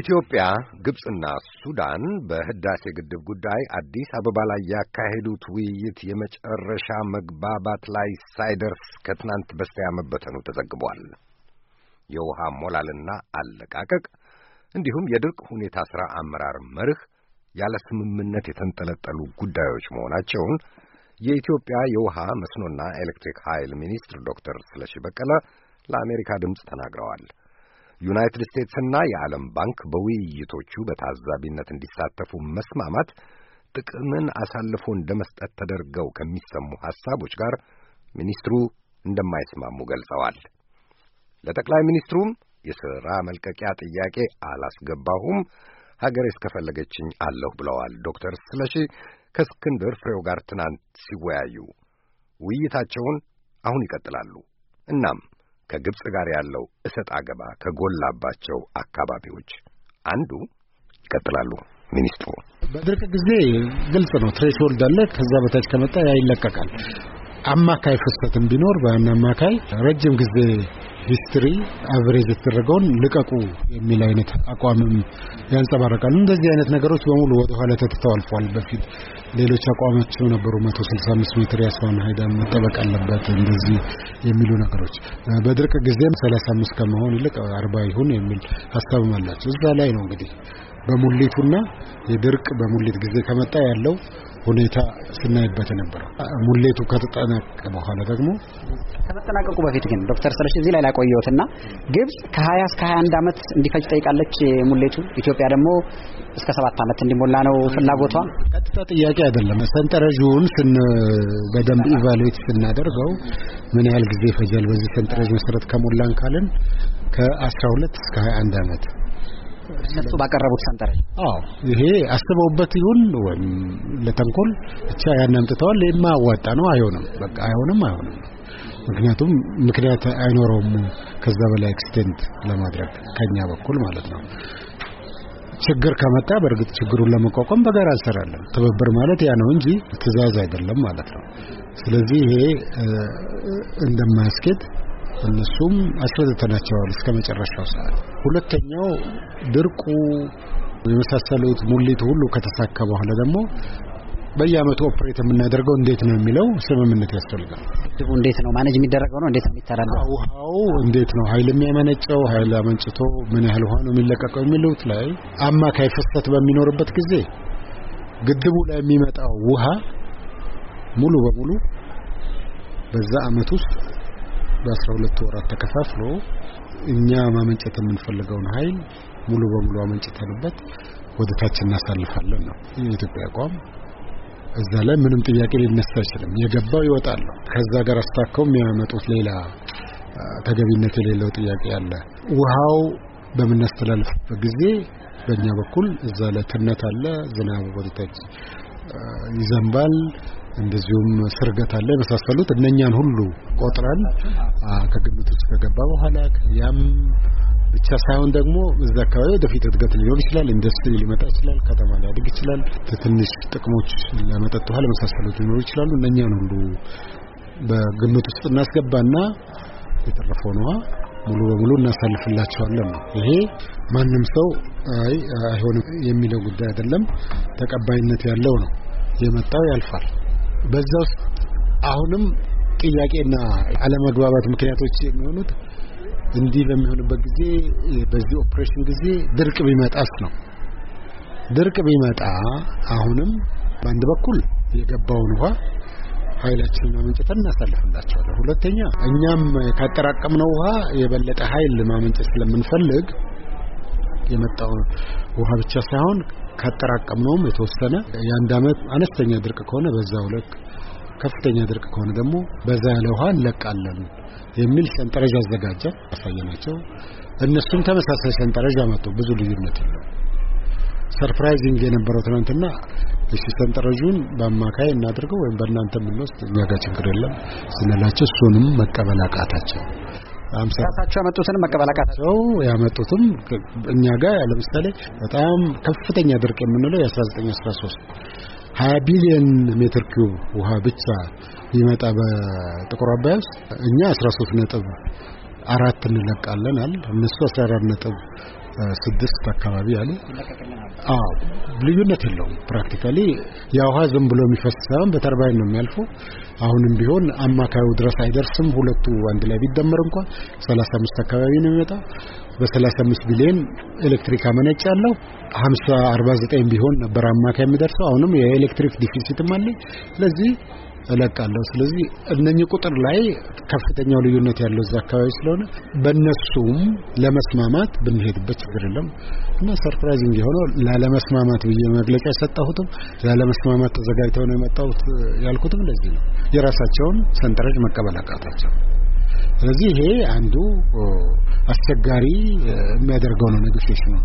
ኢትዮጵያ፣ ግብፅና ሱዳን በህዳሴ ግድብ ጉዳይ አዲስ አበባ ላይ ያካሄዱት ውይይት የመጨረሻ መግባባት ላይ ሳይደርስ ከትናንት በስቲያ መበተኑ ተዘግቧል። የውሃ ሞላልና አለቃቀቅ እንዲሁም የድርቅ ሁኔታ ሥራ አመራር መርህ ያለ ስምምነት የተንጠለጠሉ ጉዳዮች መሆናቸውን የኢትዮጵያ የውሃ መስኖና ኤሌክትሪክ ኃይል ሚኒስትር ዶክተር ስለሺ በቀለ ለአሜሪካ ድምፅ ተናግረዋል። ዩናይትድ ስቴትስና የዓለም ባንክ በውይይቶቹ በታዛቢነት እንዲሳተፉ መስማማት ጥቅምን አሳልፎ እንደ መስጠት ተደርገው ከሚሰሙ ሐሳቦች ጋር ሚኒስትሩ እንደማይስማሙ ገልጸዋል። ለጠቅላይ ሚኒስትሩም የሥራ መልቀቂያ ጥያቄ አላስገባሁም፣ ሀገሬ እስከፈለገችኝ አለሁ ብለዋል ዶክተር ስለሺ ከእስክንድር ፍሬው ጋር ትናንት ሲወያዩ ውይይታቸውን አሁን ይቀጥላሉ። እናም ከግብፅ ጋር ያለው እሰጥ አገባ ከጎላባቸው አካባቢዎች አንዱ ይቀጥላሉ። ሚኒስትሩ በድርቅ ጊዜ ግልጽ ነው፣ ትሬሽሆልድ አለ። ከዛ በታች ከመጣ ያ ይለቀቃል። አማካይ ፍሰትም ቢኖር በአን አማካይ ረጅም ጊዜ ሂስትሪ አቨሬጅ የተደረገውን ልቀቁ የሚል አይነት አቋምም ያንጸባርቃሉ። እንደዚህ አይነት ነገሮች በሙሉ ወደ ኋላ ተትተው አልፏል። በፊት ሌሎች አቋማቸው ነበሩ። 165 ሜትር የአስዋን ሀይዳን መጠበቅ አለበት እንደዚህ የሚሉ ነገሮች በድርቅ ጊዜም 35 ከመሆን ይልቅ 40 ይሁን የሚል ሀሳብም አላቸው። እዛ ላይ ነው እንግዲህ በሙሌቱና የድርቅ በሙሌት ጊዜ ከመጣ ያለው ሁኔታ ስናይበት የነበረው ሙሌቱ ከተጠናቀቀ በኋላ ደግሞ ከመጠናቀቁ በፊት ግን ዶክተር ስለሽ እዚህ ላይ ላቆየሁትና ግብጽ ከ20 እስከ 21 ዓመት እንዲፈጅ ጠይቃለች ሙሌቱ። ኢትዮጵያ ደግሞ እስከ ሰባት ዓመት እንዲሞላ ነው ፍላጎቷ። ቀጥታ ጥያቄ አይደለም። ሰንጠረዡን ስን በደንብ ኢቫሉዌት ስናደርገው ምን ያህል ጊዜ ይፈጃል? በዚህ ሰንጠረዥ መሰረት ከሞላን ካልን ከ12 እስከ 21 ዓመት እነሱ ባቀረቡት ሰንጠረዥ። አዎ ይሄ አስበውበት ይሁን ወይም ለተንኮል ብቻ ያን አምጥተዋል። የማያዋጣ ነው። አይሆንም፣ በቃ አይሆንም፣ አይሆንም። ምክንያቱም ምክንያት አይኖረውም ከዛ በላይ ኤክስቴንድ ለማድረግ ከኛ በኩል ማለት ነው። ችግር ከመጣ በእርግጥ ችግሩን ለመቋቋም በጋራ እንሰራለን። ትብብር ማለት ያ ነው እንጂ ትዕዛዝ አይደለም ማለት ነው። ስለዚህ ይሄ እንደማያስኬድ እነሱም አስረድተናቸዋል እስከ መጨረሻው ሰዓት። ሁለተኛው ድርቁ የመሳሰሉት ሙሊት ሁሉ ከተሳካ በኋላ ደግሞ በየአመቱ ኦፕሬት የምናደርገው እንዴት ነው የሚለው ስምምነት ያስፈልጋል። ድቡ እንዴት ነው ማኔጅ የሚደረገው ነው እንዴት ነው የሚተላለፈው? ውሃው እንዴት ነው ኃይል የሚያመነጨው ኃይል አመንጭቶ ምን ያህል ውሃ ነው የሚለቀቀው የሚሉት ላይ አማካይ ፍሰት በሚኖርበት ጊዜ ግድቡ ላይ የሚመጣው ውሃ ሙሉ በሙሉ በዛ አመት ውስጥ በአስራ ሁለት ወራት ተከፋፍሎ እኛ ማመንጨት የምንፈልገውን ኃይል ሙሉ በሙሉ አመንጭተንበት ወደ ታች እናሳልፋለን ነው የኢትዮጵያ አቋም። እዛ ላይ ምንም ጥያቄ ሊነሳ አይችልም። የገባው ይወጣል። ከዛ ጋር አስታከው የሚያመጡት ሌላ ተገቢነት የሌለው ጥያቄ አለ። ውሃው በምናስተላልፍበት ጊዜ በእኛ በኩል እዛ ላይ ትነት አለ። ዝናብ ወደ ታች ይዘንባል። እንደዚሁም ስርገት አለ የመሳሰሉት እነኛን ሁሉ ቆጥረን ከግምት ውስጥ ከገባ በኋላ ያም ብቻ ሳይሆን ደግሞ እዛ አካባቢ ወደፊት እድገት ሊኖር ይችላል፣ ኢንዱስትሪ ሊመጣ ይችላል፣ ከተማ ሊያድግ ይችላል፣ ትንሽ ጥቅሞች ለመጠጥ ውሃ ለመሳሰሉት ሊኖሩ ይችላሉ። እነኛን ሁሉ በግምት ውስጥ እናስገባና የተረፈውን ውሃ ሙሉ በሙሉ እናሳልፍላቸዋለን ይሄ ማንም ሰው አይ አይሆንም የሚለው ጉዳይ አይደለም፣ ተቀባይነት ያለው ነው። የመጣው ያልፋል። በዛ ውስጥ አሁንም ጥያቄና አለመግባባት ምክንያቶች የሚሆኑት እንዲህ በሚሆንበት ጊዜ በዚህ ኦፕሬሽን ጊዜ ድርቅ ቢመጣስ ነው። ድርቅ ቢመጣ አሁንም በአንድ በኩል የገባውን ውሃ ኃይላችንን ማመንጨት እናሳልፍላቸዋለን። ሁለተኛ እኛም ካጠራቀምነው ውሃ የበለጠ ኃይል ማመንጨት ስለምንፈልግ የመጣው ውሃ ብቻ ሳይሆን ካጠራቀምነውም የተወሰነ የአንድ አመት አነስተኛ ድርቅ ከሆነ በዛው ልክ ከፍተኛ ድርቅ ከሆነ ደግሞ በዛ ያለ ውሃ እንለቃለን የሚል ሰንጠረዥ አዘጋጀ አሳየናቸው። እነሱም ተመሳሳይ ሰንጠረዥ አመጡ። ብዙ ልዩነት የለው። ሰርፕራይዚንግ የነበረው ትናንትና እሺ ሰንጠረዡን በአማካይ እናድርገው ወይም በእናንተ የምንወስድ እኛ ጋር ችግር የለም ስንላቸው እሱንም መቀበል አቃታቸው። ራሳቸው ያመጡትን መቀበል አቃታቸው። ያመጡትም እኛ ጋር ለምሳሌ በጣም ከፍተኛ ድርቅ የምንለው የ1913 20 ቢሊዮን ሜትር ኪዩብ ውሃ ብቻ ይመጣ በጥቁር አባይ ውስጥ እኛ 13 ነጥብ አራት እንለቃለናል። እነሱ 14 ነጥብ ስድስት አካባቢ አለ። አዎ፣ ልዩነት የለውም ፕራክቲካሊ። ያ ውሃ ዝም ብሎ የሚፈስ ሳይሆን በተርባይን ነው የሚያልፈው። አሁንም ቢሆን አማካዩ ድረስ አይደርስም። ሁለቱ አንድ ላይ ቢደመር እንኳን 35 አካባቢ ነው የሚመጣ። በ35 ቢሊዮን ኤሌክትሪክ አመነጭ ያለው 50 49 ቢሆን ነበር አማካይ የሚደርሰው። አሁንም የኤሌክትሪክ ዲፊሲትም አለ። ስለዚህ እለቃለሁ። ስለዚህ እነኚህ ቁጥር ላይ ከፍተኛው ልዩነት ያለው እዛ አካባቢ ስለሆነ በእነሱም ለመስማማት ብንሄድበት ችግር የለም እና ሰርፕራይዚንግ የሆነው ላለመስማማት ብዬ መግለጫ የሰጠሁትም ላለመስማማት ተዘጋጅተው ነው የመጣሁት ያልኩትም ለዚህ ነው። የራሳቸውን ሰንጠረዥ መቀበል አቃታቸው። ስለዚህ ይሄ አንዱ አስቸጋሪ የሚያደርገው ነው ኔጎሽዬሽኑን።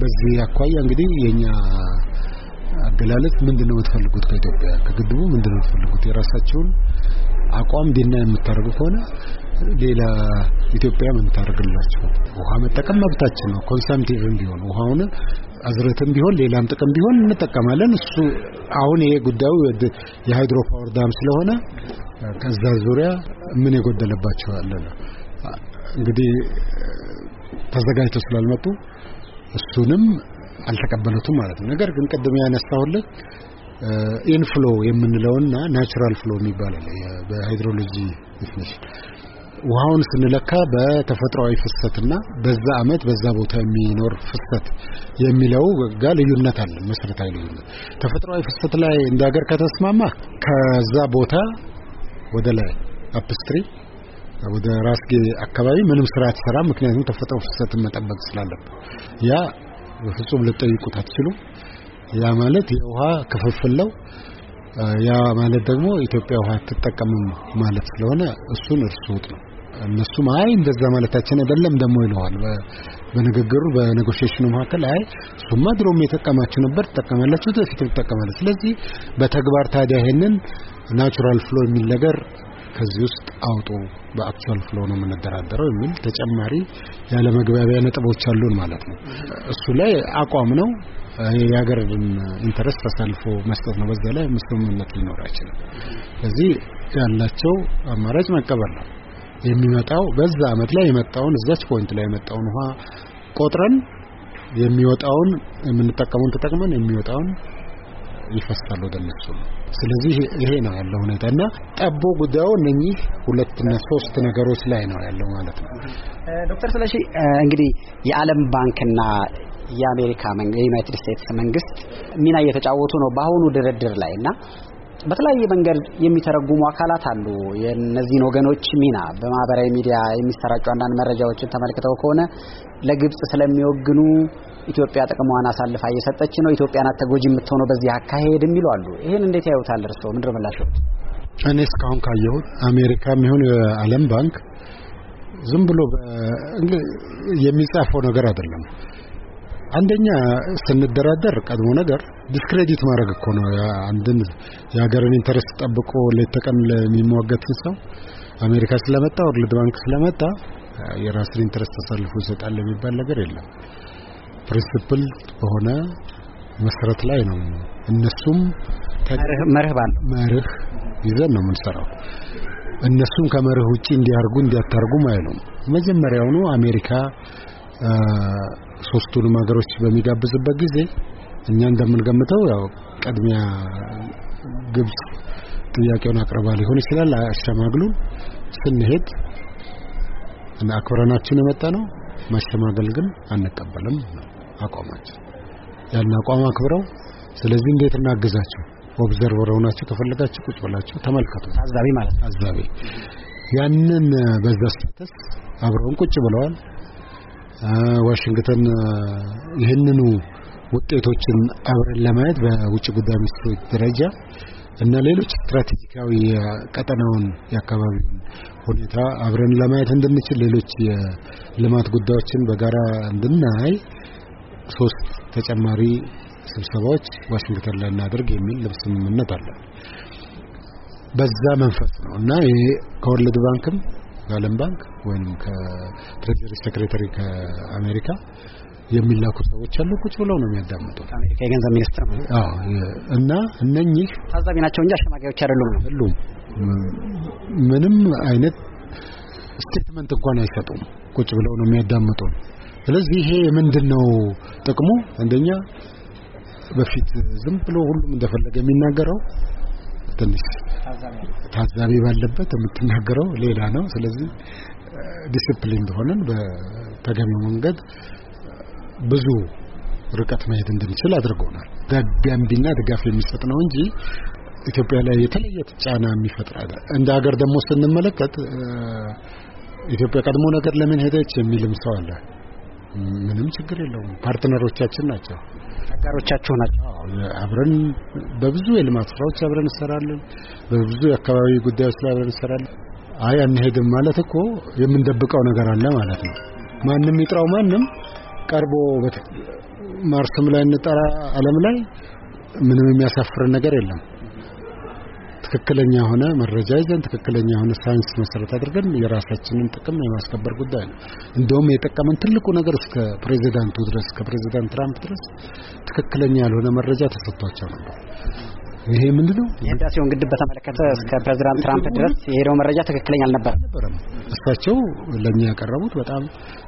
በዚህ አኳያ እንግዲህ የኛ አገላለጽ ምንድን ነው የምትፈልጉት? ከኢትዮጵያ ከግድቡ ምንድን ነው የምትፈልጉት? የራሳቸውን አቋም ዲና የምታደርጉ ከሆነ ሌላ ኢትዮጵያ ምን ታደርግላችሁ? ውሃ መጠቀም መብታችን ነው። ኮንሰምቲቭም ቢሆን ውሃውን አዝረትም ቢሆን ሌላም ጥቅም ቢሆን እንጠቀማለን። እሱ አሁን ይሄ ጉዳዩ የሃይድሮ ፓወር ዳም ስለሆነ ከዛ ዙሪያ ምን የጎደለባቸው አለ ነው እንግዲህ ተዘጋጅተው ስላልመጡ እሱንም አልተቀበሉትም ማለት ነው። ነገር ግን ቅድም ያነሳሁልህ ኢንፍሎ የምንለውና ናቹራል ፍሎ የሚባለው በሃይድሮሎጂ ቢዝነስ ውሃውን ስንለካ በተፈጥሯዊ ፍሰትና በዛ አመት በዛ ቦታ የሚኖር ፍሰት የሚለው ጋ ልዩነት አለ። መሰረታዊ ልዩነት ተፈጥሯዊ ፍሰት ላይ እንደ ሀገር ከተስማማ ከዛ ቦታ ወደ ላይ አፕስትሪ ወደ ራስጌ አካባቢ ምንም ስራ አትሰራም። ምክንያቱም ተፈጥሮ ፍሰትን መጠበቅ ስላለብን ያ በፍጹም ልጠይቁት አትችሉም። ያ ማለት የውሃ ክፍፍል ነው። ያ ማለት ደግሞ ኢትዮጵያ ውሃ አትጠቀምም ማለት ስለሆነ እሱን እርሱት ነው። እነሱም አይ እንደዛ ማለታችን አይደለም ደግሞ ይለዋል። በንግግሩ በነጎሽሽኑ መካከል አይ እሱማ ድሮም የተጠቀማችሁ ነበር ትጠቀማላችሁ፣ ወደፊትም ትጠቀማላችሁ። ስለዚህ በተግባር ታዲያ ይሄንን ናቹራል ፍሎ የሚል ነገር ከዚህ ውስጥ አውጡ፣ በአክቹዋል ፍሎ ነው የምንደራደረው የሚል ተጨማሪ ያለ መግባቢያ ነጥቦች አሉን ማለት ነው። እሱ ላይ አቋም ነው የሀገርን ኢንተረስት ተሳልፎ መስጠት ነው። በዛ ላይ ምስምነት ሊኖር አይችልም። ስለዚህ ያላቸው አማራጭ መቀበል ነው የሚመጣው በዛ አመት ላይ የመጣውን እዛች ፖይንት ላይ የመጣውን ውሃ ቆጥረን የሚወጣውን የምንጠቀመውን ተጠቅመን የሚወጣውን ይፈሳል ወደ እነሱ ነው። ስለዚህ ይሄ ነው ያለው ሁኔታ እና ጠቦ ጉዳዩ እነኚህ ሁለትና ሶስት ነገሮች ላይ ነው ያለው ማለት ነው። ዶክተር ስለሺ እንግዲህ የዓለም ባንክና የአሜሪካ የዩናይትድ ስቴትስ መንግስት ሚና እየተጫወቱ ነው በአሁኑ ድርድር ላይ እና በተለያየ መንገድ የሚተረጉሙ አካላት አሉ። የነዚህን ወገኖች ሚና በማህበራዊ ሚዲያ የሚሰራጩ አንዳንድ መረጃዎችን ተመልክተው ከሆነ ለግብጽ ስለሚወግኑ ኢትዮጵያ ጥቅሟን አሳልፋ እየሰጠች ነው፣ ኢትዮጵያ ናት ተጎጂ የምትሆነው በዚህ አካሄድ የሚሉ አሉ። ይህን እንዴት ያዩታል እርስዎ? ምንድን ነው የምላችሁት? እኔ እስካሁን ካየሁት አሜሪካም ይሁን የዓለም ባንክ ዝም ብሎ የሚጻፈው ነገር አይደለም። አንደኛ ስንደራደር ቀድሞ ነገር ዲስክሬዲት ማድረግ እኮ ነው። አንድን የሀገርን ኢንተረስት ጠብቆ ሌት ተቀን ለሚሟገት ሰው አሜሪካ ስለመጣ ወርልድ ባንክ ስለመጣ የራስን ኢንተረስት ተሳልፎ ይሰጣል የሚባል ነገር የለም። ፕሪንስፕል በሆነ መሰረት ላይ ነው። እነሱም መርህ መርህ ይዘን ነው የምንሰራው። እነሱም ከመርህ ውጪ እንዲያርጉ እንዲያታርጉም አይሉም። መጀመሪያውኑ አሜሪካ ሶስቱንም ሀገሮች በሚጋብዝበት ጊዜ እኛ እንደምንገምተው ያው ቅድሚያ ግብጽ ጥያቄውን አቅርባ ሊሆን ይችላል። አሸማግሉን ስንሄድ እና አክብረናችሁን የመጣ ነው ማሸማገል ግን አንቀበልም ነው አቋማቸው ያን አቋም አክብረው ስለዚህ እንዴት እናግዛቸው ኦብዘርቨር ሆናችሁ ከፈለጋችሁ ቁጭ ብላችሁ ተመልከቱ። አዛቢ ማለት አዛቢ ያንን በዛ ስታተስ አብረውን ቁጭ ብለዋል። ዋሽንግተን ይህንኑ ውጤቶችን አብረን ለማየት በውጭ ጉዳይ ሚኒስትሮች ደረጃ እና ሌሎች ስትራቴጂካዊ ቀጠናውን የአካባቢውን ሁኔታ አብረን ለማየት እንድንችል ሌሎች የልማት ጉዳዮችን በጋራ እንድናይ ሶስት ተጨማሪ ስብሰባዎች ዋሽንግተን ላይ እናደርግ የሚል ልብ ስምምነት አለ። በዛ መንፈስ ነው እና ይሄ ከወርልድ ባንክም ከዓለም ባንክ ወይም ከትሬጀሪ ሴክሬታሪ ከአሜሪካ የሚላኩ ሰዎች አሉ። ቁጭ ብለው ነው የሚያዳምጡት። አሜሪካ የገንዘብ ሚኒስትር ነው። አዎ። እና እነኚህ ታዛቢ ናቸው እንጂ አሸማጋዮች አይደሉም ነው አይደሉም። ምንም አይነት ስቴትመንት እንኳን አይሰጡም። ቁጭ ብለው ነው የሚያዳምጡ። ስለዚህ ይሄ ምንድን ነው ጥቅሙ? አንደኛ በፊት ዝም ብሎ ሁሉም እንደፈለገ የሚናገረው ትንሽ ታዛቢ ባለበት የምትናገረው ሌላ ነው። ስለዚህ ዲስፕሊን ቢሆንን በተገቢው መንገድ ብዙ ርቀት መሄድ እንድንችል አድርገውናል። ጋቢያምቢና ድጋፍ የሚሰጥ ነው እንጂ ኢትዮጵያ ላይ የተለየ ጫና የሚፈጥር አይደለም። እንደ ሀገር ደግሞ ስንመለከት ኢትዮጵያ ቀድሞ ነገር ለምን ሄደች የሚልም ሰው አለ። ምንም ችግር የለውም። ፓርትነሮቻችን ናቸው፣ አጋሮቻቸው ናቸው። አብረን በብዙ የልማት ስራዎች አብረን እንሰራለን። በብዙ የአካባቢ ጉዳዮች ላይ አብረን እንሰራለን። አይ አንሄድም ማለት እኮ የምንደብቀው ነገር አለ ማለት ነው። ማንም ይጥራው ማንም ቀርቦ ማርስም ላይ እንጠራ አለም ላይ ምንም የሚያሳፍርን ነገር የለም። ትክክለኛ የሆነ መረጃ ይዘን ትክክለኛ የሆነ ሳይንስ መሰረት አድርገን የራሳችንን ጥቅም የማስከበር ጉዳይ ነው። እንደውም የጠቀመን ትልቁ ነገር እስከ ፕሬዚዳንቱ ድረስ እስከ ፕሬዚዳንት ትራምፕ ድረስ ትክክለኛ ያልሆነ መረጃ ተሰጥቷቸው ነበር። ይሄ ምንድነው የህዳሴውን ግድብ በተመለከተ እስከ ፕሬዝዳንት ትራምፕ ድረስ የሄደው መረጃ ትክክለኛ አልነበረም። እሳቸው ለእኛ ያቀረቡት በጣም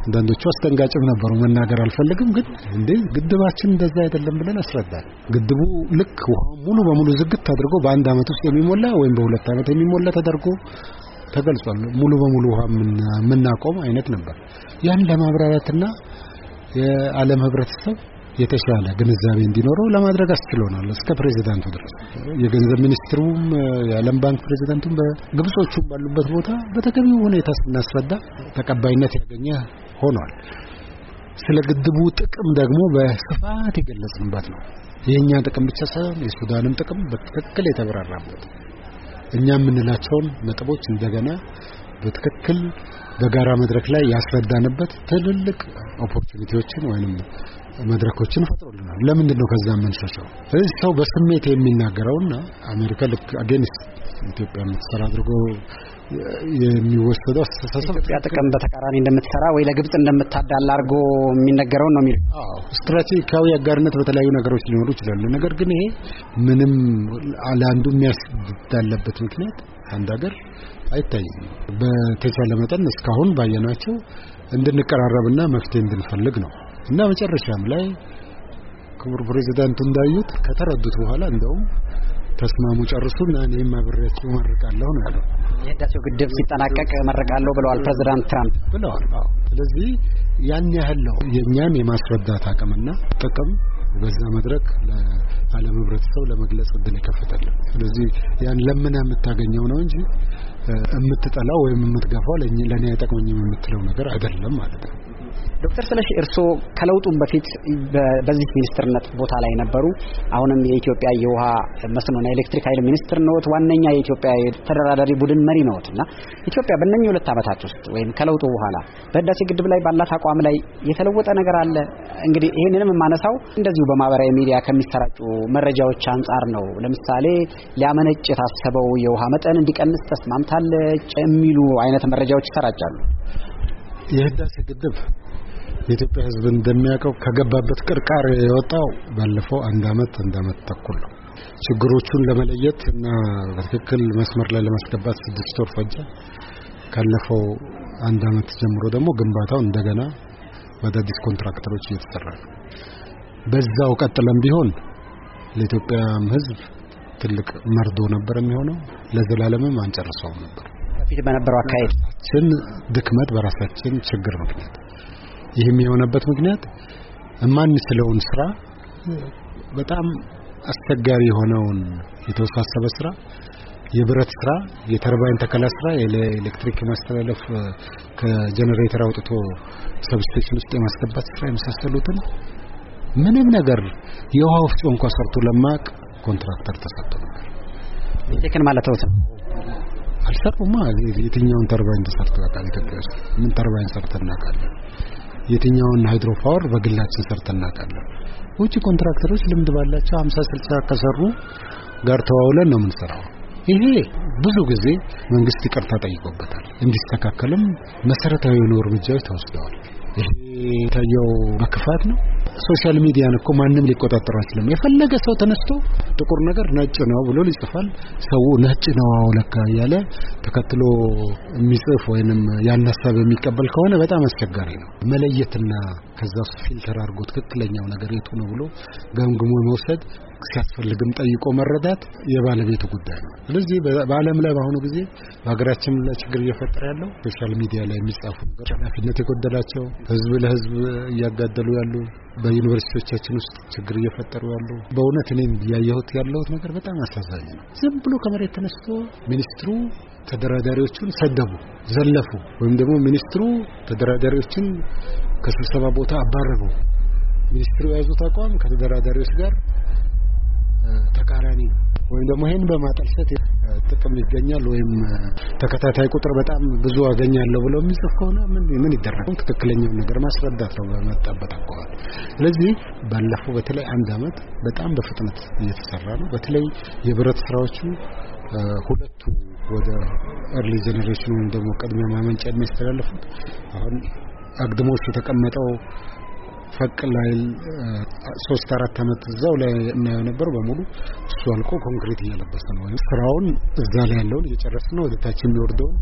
አንዳንዶቹ አስደንጋጭም ነበሩ። መናገር አልፈልግም፣ ግን እንዴ ግድባችን እንደዛ አይደለም ብለን አስረዳል። ግድቡ ልክ ውሃ ሙሉ በሙሉ ዝግት አድርጎ በአንድ አመት ውስጥ የሚሞላ ወይም በሁለት አመት የሚሞላ ተደርጎ ተገልጿል። ሙሉ በሙሉ ውሃ የምናቆም አይነት ነበር። ያን ለማብራራትና የዓለም ህብረተሰብ የተሻለ ግንዛቤ እንዲኖረው ለማድረግ አስችሎናል። እስከ ፕሬዚዳንቱ ድረስ የገንዘብ ሚኒስትሩም የዓለም ባንክ ፕሬዚዳንቱም በግብጾቹም ባሉበት ቦታ በተገቢው ሁኔታ ስናስረዳ ተቀባይነት ያገኘ ሆኗል። ስለ ግድቡ ጥቅም ደግሞ በስፋት የገለጽንበት ነው። የእኛን ጥቅም ብቻ ሳይሆን የሱዳንም ጥቅም በትክክል የተብራራበት እኛ የምንላቸውን ነጥቦች እንደገና በትክክል በጋራ መድረክ ላይ ያስረዳንበት ትልልቅ ኦፖርቹኒቲዎችን ወይንም መድረኮችን ፈጥሮልናል። ለምንድን ነው ከዛ የምንሸሸው? ስለዚህ ሰው በስሜት የሚናገረውና አሜሪካ ልክ አጌንስት ኢትዮጵያ የምትሰራ አድርጎ የሚወሰደው አስተሳሰብ ኢትዮጵያ ጥቅም በተቃራኒ እንደምትሰራ ወይ ለግብጽ እንደምታዳላ አድርጎ የሚነገረውን ነው የሚሉት። አዎ ስትራቴጂካዊ አጋርነት በተለያዩ ነገሮች ሊኖሩ ይችላሉ። ነገር ግን ይሄ ምንም ለአንዱ የሚያስዳለበት ምክንያት አንድ ሀገር አይታይም። በተቻለ መጠን እስካሁን ባየናቸው እንድንቀራረብና መፍትሄ እንድንፈልግ ነው። እና መጨረሻም ላይ ክቡር ፕሬዚዳንቱ እንዳዩት ከተረዱት በኋላ እንደውም ተስማሙ እና እኔም አብሬያችሁ መርቃለሁ ነው ያለው። የህዳሴው ግድብ ሲጠናቀቅ መርቃለሁ ብለዋል ፕሬዚዳንት ትራምፕ ብለዋል። አዎ። ስለዚህ ያን ያህል ነው የእኛን የማስረዳት አቅምና ጥቅም በዛ መድረክ ለዓለም ህብረተሰብ ለመግለጽ እድል ይከፈታል። ስለዚህ ያን ለምን የምታገኘው ነው እንጂ የምትጠላው ወይም የምትገፋው ለእኔ አይጠቅመኝም የምትለው ነገር አይደለም ማለት ነው። ዶክተር ስለሺ እርስዎ ከለውጡም በፊት በዚህ ሚኒስትርነት ቦታ ላይ ነበሩ። አሁንም የኢትዮጵያ የውሃ መስኖና ኤሌክትሪክ ኃይል ሚኒስትር ነዎት። ዋነኛ የኢትዮጵያ ተደራዳሪ ቡድን መሪ ነዎት እና ኢትዮጵያ በእነኚህ ሁለት ዓመታት ውስጥ ወይም ከለውጡ በኋላ በህዳሴ ግድብ ላይ ባላት አቋም ላይ የተለወጠ ነገር አለ? እንግዲህ ይህንንም የማነሳው እንደዚሁ በማህበራዊ ሚዲያ ከሚሰራጩ መረጃዎች አንጻር ነው። ለምሳሌ ሊያመነጭ የታሰበው የውሃ መጠን እንዲቀንስ ተስማምታለች የሚሉ አይነት መረጃዎች ይሰራጫሉ። የህዳሴ ግድብ የኢትዮጵያ ህዝብ እንደሚያውቀው ከገባበት ቅርቃር የወጣው ባለፈው አንድ አመት አንድ አመት ተኩል ነው። ችግሮቹን ለመለየት እና በትክክል መስመር ላይ ለማስገባት ስድስት ወር ፈጀ። ካለፈው አንድ አመት ጀምሮ ደግሞ ግንባታው እንደገና በአዳዲስ ኮንትራክተሮች እየተሰራ ነው። በዛው ቀጥለም ቢሆን ለኢትዮጵያም ህዝብ ትልቅ መርዶ ነበር የሚሆነው። ለዘላለምም አንጨርሰውም ነበር። በፊት በነበረው አካሄድ ችን ድክመት በራሳችን ችግር ምክንያት ይህም የሆነበት ምክንያት የማንችለውን ስራ በጣም አስቸጋሪ የሆነውን የተወሳሰበ ስራ የብረት ስራ፣ የተርባይን ተከላ ስራ፣ የኤሌክትሪክ ማስተላለፍ ከጀነሬተር አውጥቶ ሰብስቴሽን ውስጥ የማስገባት ስራ የመሳሰሉትን ምንም ነገር የውሃ ወፍጮ እንኳን ሰርቶ ለማቅ ኮንትራክተር ተሰጥቶ ነበር። ይሄ ማለት ነው። አልሰሩማ። የትኛውን ተርባይን ተሰርቶ ያውቃል? ኢትዮጵያ ውስጥ ምን ተርባይን ሰርተን እናውቃለን? የትኛውን ሃይድሮ ፓወር በግላችን ሰርተ እናውቃለን? ውጭ ኮንትራክተሮች ልምድ ባላቸው 50 60 ከሰሩ ጋር ተዋውለን ነው የምንሰራው። ይሄ ብዙ ጊዜ መንግስት ይቅርታ ጠይቆበታል። እንዲስተካከልም መሰረታዊ የሆኑ እርምጃዎች ተወስደዋል። ይሄ የታየው በክፋት ነው። ሶሻል ሚዲያን እኮ ማንም ሊቆጣጠር አይችልም። የፈለገ ሰው ተነስቶ ጥቁር ነገር ነጭ ነው ብሎ ሊጽፋል። ሰው ነጭ ነው አውለካ እያለ ተከትሎ የሚጽፍ ወይንም ያን ሀሳብ የሚቀበል ከሆነ በጣም አስቸጋሪ ነው። መለየትና ከዛ ፊልተር አድርጎ ትክክለኛው ነገር የቱ ነው ብሎ ገምግሞ መውሰድ ሲያስፈልግም ጠይቆ መረዳት የባለቤቱ ጉዳይ ነው። ስለዚህ በዓለም ላይ በአሁኑ ጊዜ በሀገራችን ላይ ችግር እየፈጠረ ያለው ሶሻል ሚዲያ ላይ የሚጻፉ ኃላፊነት የጎደላቸው ህዝብ ለህዝብ እያጋደሉ ያሉ በዩኒቨርሲቲዎቻችን ውስጥ ችግር እየፈጠሩ ያሉ በእውነት እኔም እያየሁት ያለሁት ነገር በጣም አሳዛኝ ነው። ዝም ብሎ ከመሬት ተነስቶ ሚኒስትሩ ተደራዳሪዎቹን ሰደቡ፣ ዘለፉ፣ ወይም ደግሞ ሚኒስትሩ ተደራዳሪዎችን ከስብሰባ ቦታ አባረሩ። ሚኒስትሩ የያዙት አቋም ከተደራዳሪዎች ጋር ተቃራኒ ወይም ደግሞ ይህን በማጠልሰት ጥቅም ይገኛል ወይም ተከታታይ ቁጥር በጣም ብዙ አገኛለሁ ብለው የሚጽፍ ከሆነ ምን ምን ይደረግ? ትክክለኛውን ነገር ማስረዳት ነው በመጣበት አኳኋን። ስለዚህ ባለፈው በተለይ አንድ አመት በጣም በፍጥነት እየተሰራ ነው። በተለይ የብረት ስራዎቹ ሁለቱ ወደ ኤርሊ ጄኔሬሽን ወይም ደግሞ ቅድሚያ ማመንጫ የሚያስተላልፉት አሁን አግድሞሽ የተቀመጠው ፈቅ ላይ ሶስት አራት አመት እዛው ላይ እናየው ነበር። በሙሉ እሱ አልቆ ኮንክሪት እየለበሰ ነው። ወይም ስራውን እዛ ላይ ያለውን እየጨረስ ነው። ወደታች የሚወርደውን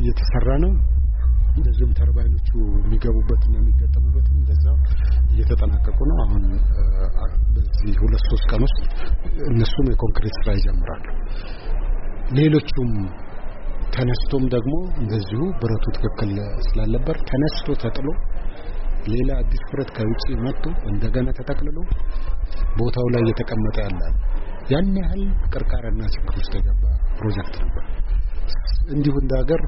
እየተሰራ ነው። እንደዚሁም ተርባይኖቹ የሚገቡበትና የሚገጠሙበት እንደዛ እየተጠናቀቁ ነው። አሁን በዚህ ሁለት ሶስት ቀን ውስጥ እነሱም የኮንክሪት ስራ ይጀምራሉ። ሌሎቹም ተነስቶም ደግሞ እንደዚሁ ብረቱ ትክክል ስላልነበር ተነስቶ ተጥሎ ሌላ አዲስ ፍረት ከውጪ መጥቶ እንደገና ተጠቅልሎ ቦታው ላይ እየተቀመጠ ያለ ያን ያህል ቅርቃርና ችግር ውስጥ የገባ ፕሮጀክት ነበር። እንዲሁ እንደ ሀገር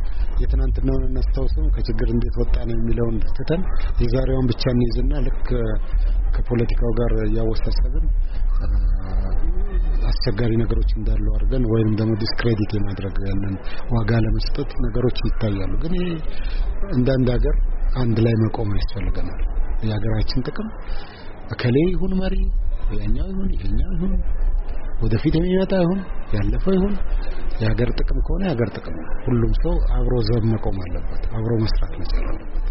የትናንትናውን እናስታውሰው ከችግር እንዴት ወጣ ነው የሚለውን ትተን የዛሬውን ብቻ እንይዝና ልክ ከፖለቲካው ጋር እያወሳሰብን አስቸጋሪ ነገሮች እንዳሉ አድርገን ወይም ደግሞ ዲስክሬዲት የማድረግ ያንን ዋጋ ለመስጠት ነገሮች ይታያሉ። ግን እንደ አንድ ሀገር አንድ ላይ መቆም ያስፈልገናል። የሀገራችን ጥቅም እከሌ ይሁን መሪ፣ ያኛው ይሁን ይሄኛው ይሁን ወደፊት የሚመጣ ይሁን ያለፈው ይሁን የሀገር ጥቅም ከሆነ የሀገር ጥቅም ነው። ሁሉም ሰው አብሮ ዘብ መቆም አለበት፣ አብሮ መስራት መቻል አለበት።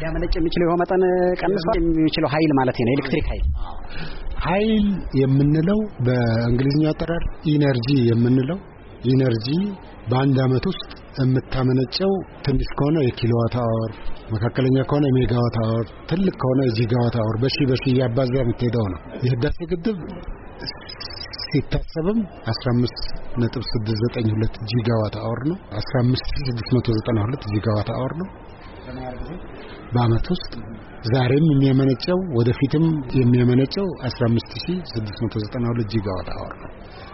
ሊያመነጭ የሚችለው ይኸው መጠን ቀንሷል። የሚችለው ኃይል ማለት ነው ኤሌክትሪክ ኃይል ኃይል የምንለው በእንግሊዝኛ አጠራር ኢነርጂ የምንለው ኢነርጂ በአንድ አመት ውስጥ የምታመነጨው ትንሽ ከሆነ የኪሎዋት አወር፣ መካከለኛ ከሆነ የሜጋዋት አወር፣ ትልቅ ከሆነ የጂጋዋት አወር በሺ በሺ እያባዛ የምትሄደው ነው። የህዳሴ ግድብ ሲታሰብም 15.692 ጂጋዋት አወር ነው። 15692 ጂጋዋት አወር ነው በአመት ውስጥ ዛሬም የሚያመነጨው ወደፊትም የሚያመነጨው 15692 ጂጋዋት አወር ነው።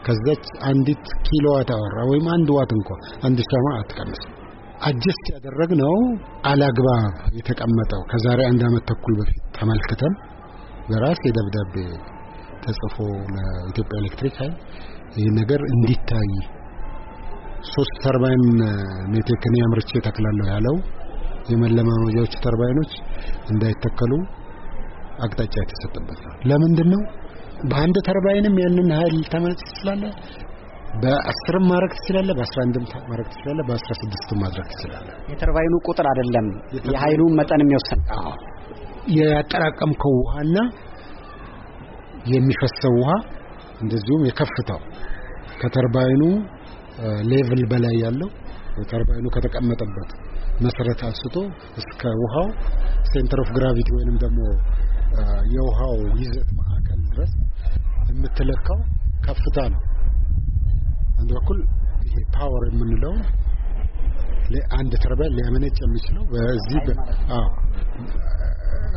ከዛች አንዲት ኪሎዋት አወራ ወይም አንድ ዋት እንኳ አንድ ሻማ አትቀንስም። አጀስት ያደረግነው አላግባብ የተቀመጠው ከዛሬ አንድ አመት ተኩል በፊት ተመልክተን በራሴ ደብዳቤ ተጽፎ ለኢትዮጵያ ኤሌክትሪክ ኃይል ይህ ነገር እንዲታይ ሶስት ተርባይን ሜቴክን ያምርቼ ተክላለሁ ያለው የመለማመጃዎቹ ተርባይኖች እንዳይተከሉ አቅጣጫ የተሰጠበት ነው። ለምንድን ነው በአንድ ተርባይንም ያንን ኃይል ታመነጭ ትችላለህ። በአስርም ማድረግ ትችላለህ፣ በአስራ አንድም ማድረግ ትችላለህ፣ በአስራ ስድስትም ማድረግ ትችላለህ። የተርባይኑ ቁጥር አይደለም የኃይሉን መጠን የሚወስን ያጠራቀምከው ውሃና የሚፈሰው ውሃ እንደዚሁም የከፍታው ከተርባይኑ ሌቭል በላይ ያለው ተርባይኑ ከተቀመጠበት መሰረት አንስቶ እስከ ውሃው ሴንተር ኦፍ ግራቪቲ ወይንም ደግሞ የውሃው ይዘት ማዕከል ድረስ የምትለካው ከፍታ ነው። አንድ በኩል ይሄ ፓወር የምንለው አንድ ተርባይን ሊያመነጭ የሚችለው በዚህ አዎ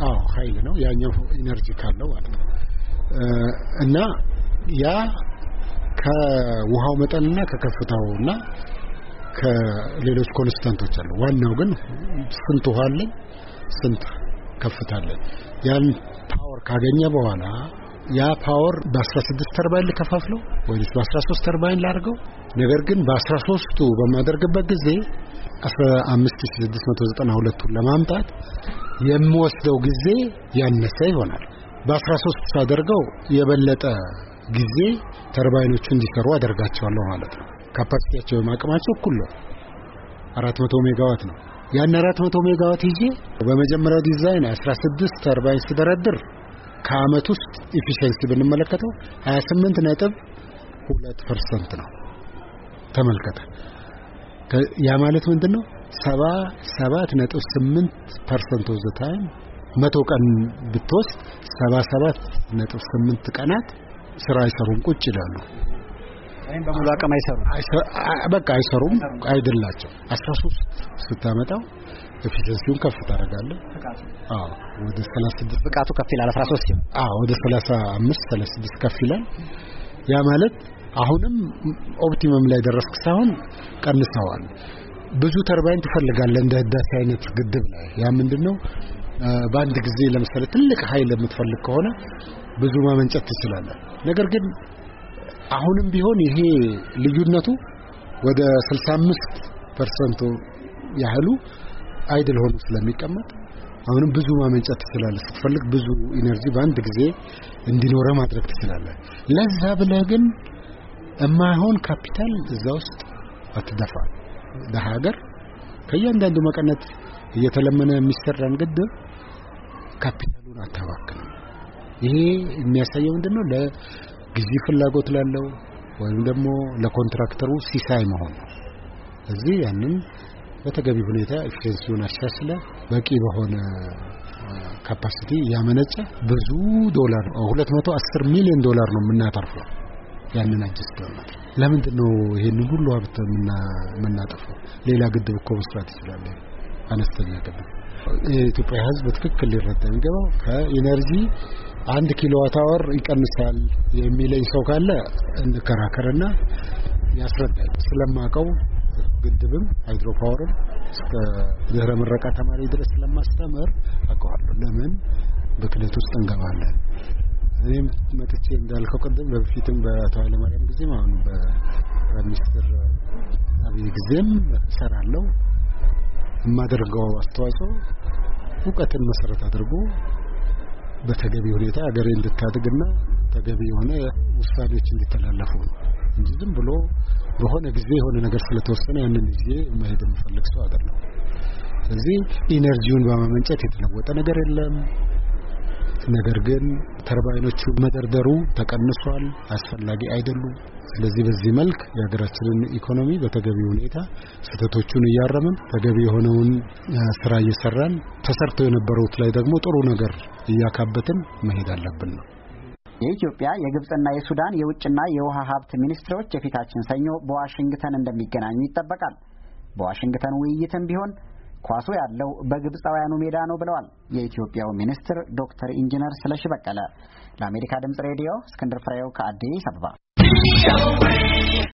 አዎ ኃይል ነው። ያኛው ኢነርጂ ካለው ማለት ነው እና ያ ከውሃው መጠንና እና ከሌሎች ኮንስታንቶች አሉ። ዋናው ግን ስንት ውሃ አለኝ? ስንት ከፍታ ከፍታለን። ያን ፓወር ካገኘ በኋላ ያ ፓወር በ16 ተርባይን ልከፋፍለው ወይስ በ13 ተርባይን ላድርገው? ነገር ግን በ13ቱ በማደርግበት ጊዜ 15692ቱን ለማምጣት የምወስደው ጊዜ ያነሰ ይሆናል። በ13 ሳደርገው የበለጠ ጊዜ ተርባይኖቹ እንዲሰሩ አደርጋቸዋለሁ ማለት ነው። ካፓሲቲያቸው የማቅማቸው እኩል ነው፣ 400 ሜጋዋት ነው። ያን 400 ሜጋዋት ይዤ በመጀመሪያው ዲዛይን 16 ተርባይን ስደረድር ከአመት ውስጥ ኢፊሸንሲ ብንመለከተው 28 ነጥብ 2 ፐርሰንት ነው። ተመልከተ። ያ ማለት ምንድን ነው? ሰባ ነጥብ 8 ፐርሰንት ኦፍ ዘ ታይም መቶ ቀን ብትወስድ 77 ነጥብ 8 ቀናት ስራ አይሰሩም፣ ቁጭ ይላሉ። ወይም በሙሉ አቅም አይሰሩም። በቃ አይሰሩም አይደላቸው። አስራ ሶስት ስታመጣው ኤፊሽንሲውን ከፍ ታደርጋለህ። አዎ ወደ 36 ብቃቱ ከፍ ይላል። 13 ሲሆን አዎ ወደ 35 36 ከፍ ይላል። ያ ማለት አሁንም ኦፕቲመም ላይ ደረስክ ሳይሆን ቀንሰዋል። ብዙ ተርባይን ትፈልጋለህ እንደ ህዳሴ አይነት ግድብ ላይ ያ ምንድነው በአንድ ጊዜ ለምሳሌ ትልቅ ኃይል የምትፈልግ ከሆነ ብዙ ማመንጨት ትችላለህ። ነገር ግን አሁንም ቢሆን ይሄ ልዩነቱ ወደ 65 ፐርሰንቱ ያህሉ አይድል ሆኖ ስለሚቀመጥ አሁንም ብዙ ማመንጨት ትችላለህ። ስትፈልግ ብዙ ኢነርጂ በአንድ ጊዜ እንዲኖረ ማድረግ ትችላለህ። ለዛ ብለህ ግን የማይሆን ካፒታል እዛ ውስጥ አትደፋ። ለሀገር ከእያንዳንዱ መቀነት እየተለመነ የሚሰራን ግድብ ካፒታሉን አታባክንም። ይሄ የሚያሳየው ምንድነው? ጊዜ ፍላጎት ላለው ወይም ደግሞ ለኮንትራክተሩ ሲሳይ መሆን ነው። እዚህ ያንን በተገቢ ሁኔታ ኤፊሽንሲውን አሻሽለ በቂ በሆነ ካፓሲቲ ያመነጨ ብዙ ዶላር 210 ሚሊዮን ዶላር ነው የምናተርፈው። ያንን አጀስት ለማድረግ ለምንድን ነው ይሄን ሁሉ ሀብት የምናጠፋው? ሌላ ግድብ እኮ መስራት ይችላል። አነስተኛ ግድብ የኢትዮጵያ ሕዝብ በትክክል ሊረዳ የሚገባው ከኢነርጂ አንድ ኪሎዋት አወር ይቀንሳል የሚለኝ ሰው ካለ እንከራከርና ያስረዳል። ስለማቀው ግድብም ሃይድሮ ፓወርም እስከ ድህረ ምረቃ ተማሪ ድረስ ስለማስተምር አውቀዋለሁ። ለምን ብክለት ውስጥ እንገባለን። እኔም መጥቼ እንዳልከው ቅድም በፊትም በአቶ ኃይለማርያም ጊዜም አሁን በሚኒስትር አብይ ጊዜም ሰራለው የማደርገው አስተዋጽኦ እውቀትን መሰረት አድርጎ በተገቢ ሁኔታ ሀገሬ እንድታድግና ተገቢ የሆነ ውሳኔዎች እንዲተላለፉ ነው እንጂ ዝም ብሎ በሆነ ጊዜ የሆነ ነገር ስለተወሰነ ያንን ጊዜ መሄድ የምፈልግ ሰው አይደለም። ስለዚህ ኢነርጂውን በማመንጨት የተለወጠ ነገር የለም። ነገር ግን ተርባይኖቹ መደርደሩ ተቀንሷል፣ አስፈላጊ አይደሉም። ስለዚህ በዚህ መልክ የሀገራችንን ኢኮኖሚ በተገቢ ሁኔታ ስህተቶቹን እያረምን ተገቢ የሆነውን ስራ እየሰራን ተሰርተው የነበሩት ላይ ደግሞ ጥሩ ነገር እያካበትን መሄድ አለብን ነው። የኢትዮጵያ የግብፅና የሱዳን የውጭና የውሃ ሀብት ሚኒስትሮች የፊታችን ሰኞ በዋሽንግተን እንደሚገናኙ ይጠበቃል። በዋሽንግተን ውይይትም ቢሆን ኳሱ ያለው በግብፃውያኑ ሜዳ ነው ብለዋል የኢትዮጵያው ሚኒስትር ዶክተር ኢንጂነር ስለሺ በቀለ። ለአሜሪካ ድምፅ ሬዲዮ እስክንድር ፍሬው ከአዲስ አበባ